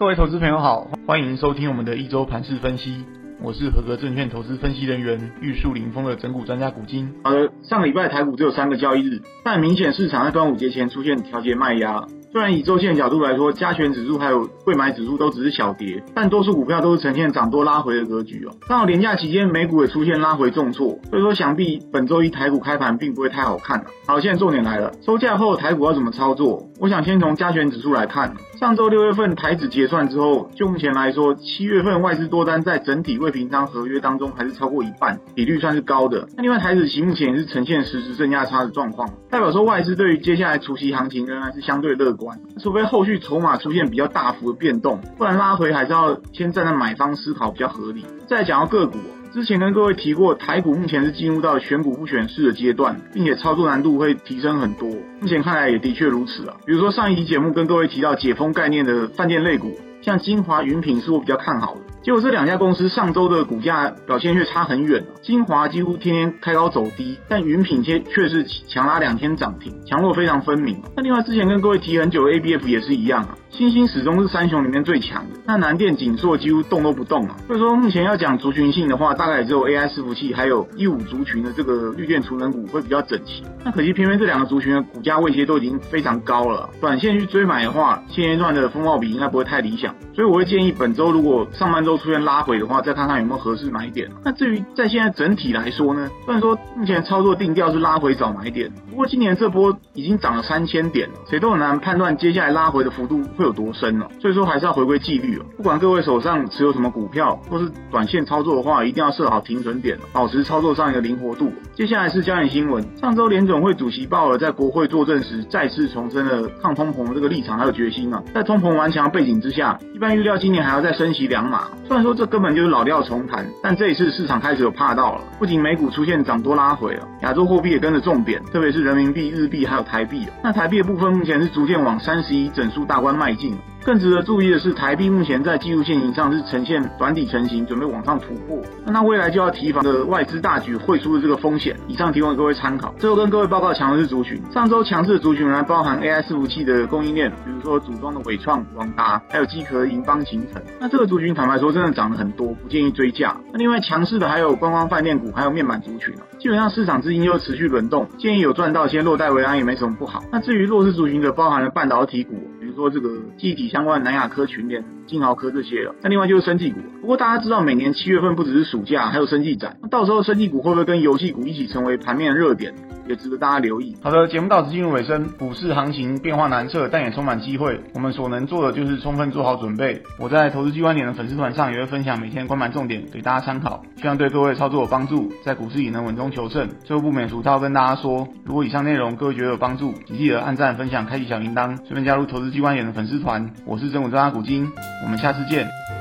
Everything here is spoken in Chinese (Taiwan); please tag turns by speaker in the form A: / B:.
A: 各位投資朋友好，歡迎收聽我們的一周盤勢分析。我是合格證券投資分析人員玉樹臨風的拯股專家股晶。好的，上禮拜台股只有三個交易日，但很明顯市場在端午節前出現調節賣壓。雖然以周線角度來說，加權指數還有櫃買指數都只是小跌，但多數股票都是呈現漲多拉回的格局哦。剛好連假期間，美股也出現拉回重挫，所以說想必本周一台股開盤並不會太好看，啊。好，現在重點來了，收假後，台股要怎麼操作？我想先從加權指數來看，上周六月份台指結算之後，就目前來說，七月份外資多單在整體未平倉合約當中還是超過一半，比率算是高的。那另外台指期目前也是呈現實質正價差的狀況，代表說外資對於接下來除息行情仍然是相對樂觀。除非後續籌碼出現比較大幅的變動，不然拉回還是要先站在買方思考比較合理。再講到個股，之前跟各位提過，台股目前是進入到選股不選市的階段，並且操作難度會提升很多。目前看來也的確如此啊。比如說上一期節目跟各位提到解封概念的飯店類股，像晶華雲品是我比較看好的。結果這兩家公司上周的股價表現卻差很遠啊！精華幾乎天天開高走低，但雲品卻卻是強拉兩天漲停，強弱非常分明。那另外之前跟各位提很久的 ABF 也是一樣啊。欣興始終是三雄裡面最強的。那南電、景碩幾乎動都不動啊，所以說目前要講族群性的話，大概也只有 AI 伺服器還有一五族群的這個綠電儲能股會比較整齊。那可惜偏偏這兩個族群的股價位階都已經非常高了，啊，短線去追買的話，現階段的風報比應該不會太理想。所以我會建議本周如果上半周出現拉回的話，再看看有沒有合適買點，啊。那至於在現在整體來說呢，雖然說目前操作定調是拉回找買點，不過今年這波已經漲了三千點了，誰都很難判斷接下來拉回的幅度。會有多深呢、啊？所以說還是要回歸紀律哦、啊。不管各位手上持有什麼股票，或是短線操作的話，一定要設好停損點、啊、保持操作上一個靈活度、啊。接下來是焦點新聞，上周聯準會主席鮑爾在國會作證時，再次重申了抗通膨這個立場還有決心啊。在通膨頑強背景之下，一般預料今年還要再升息兩碼。雖然說這根本就是老調重彈，但這一次市場開始有怕到了，不僅美股出現漲多拉回了、啊，亞洲貨幣也跟着重貶，特別是人民幣、日幣還有台幣、啊、那台幣的部分目前是逐漸往三十一整數大關賣。更值得注意的是，台幣目前在技術線形上是呈現短底成型，準備往上突破。那它未來就要提防的外資大舉匯出的這個風險。以上提供給各位參考。最後跟各位報告強勢族群，上周強勢族群呢包含 A I 伺服器的供應鏈，比如說組裝的緯創、網達，還有機殼、銀邦、勤誠。那這個族群坦白說真的漲了很多，不建議追價。那另外強勢的還有觀光飯店股，還有面板族群。基本上市場資金又持續輪動，建議有賺到先落袋為安也沒什麼不好。那至於弱勢族群則包含了半導體股。說這個記憶體相關的南亞科、群聯，信豪科這些了，那另外就是生技股。不過大家知道，每年七月份不只是暑假，還有生技展，那到時候生技股會不會跟遊戲股一起成為盤面熱點，也值得大家留意。好的，節目到此進入尾聲，股市行情變化難測，但也充滿機會。我們所能做的就是充分做好準備。我在投資 G 觀點的粉絲團上也會分享每天觀盤重點，給大家參考，希望對各位操作有幫助，在股市也能穩中求勝。最後不免俗，要跟大家說，如果以上內容各位覺得有幫助，請記得按讚、分享、開啟小鈴鐺，順便加入投資 G 觀點的粉絲團。我是拯股專家股晶。我們下次見。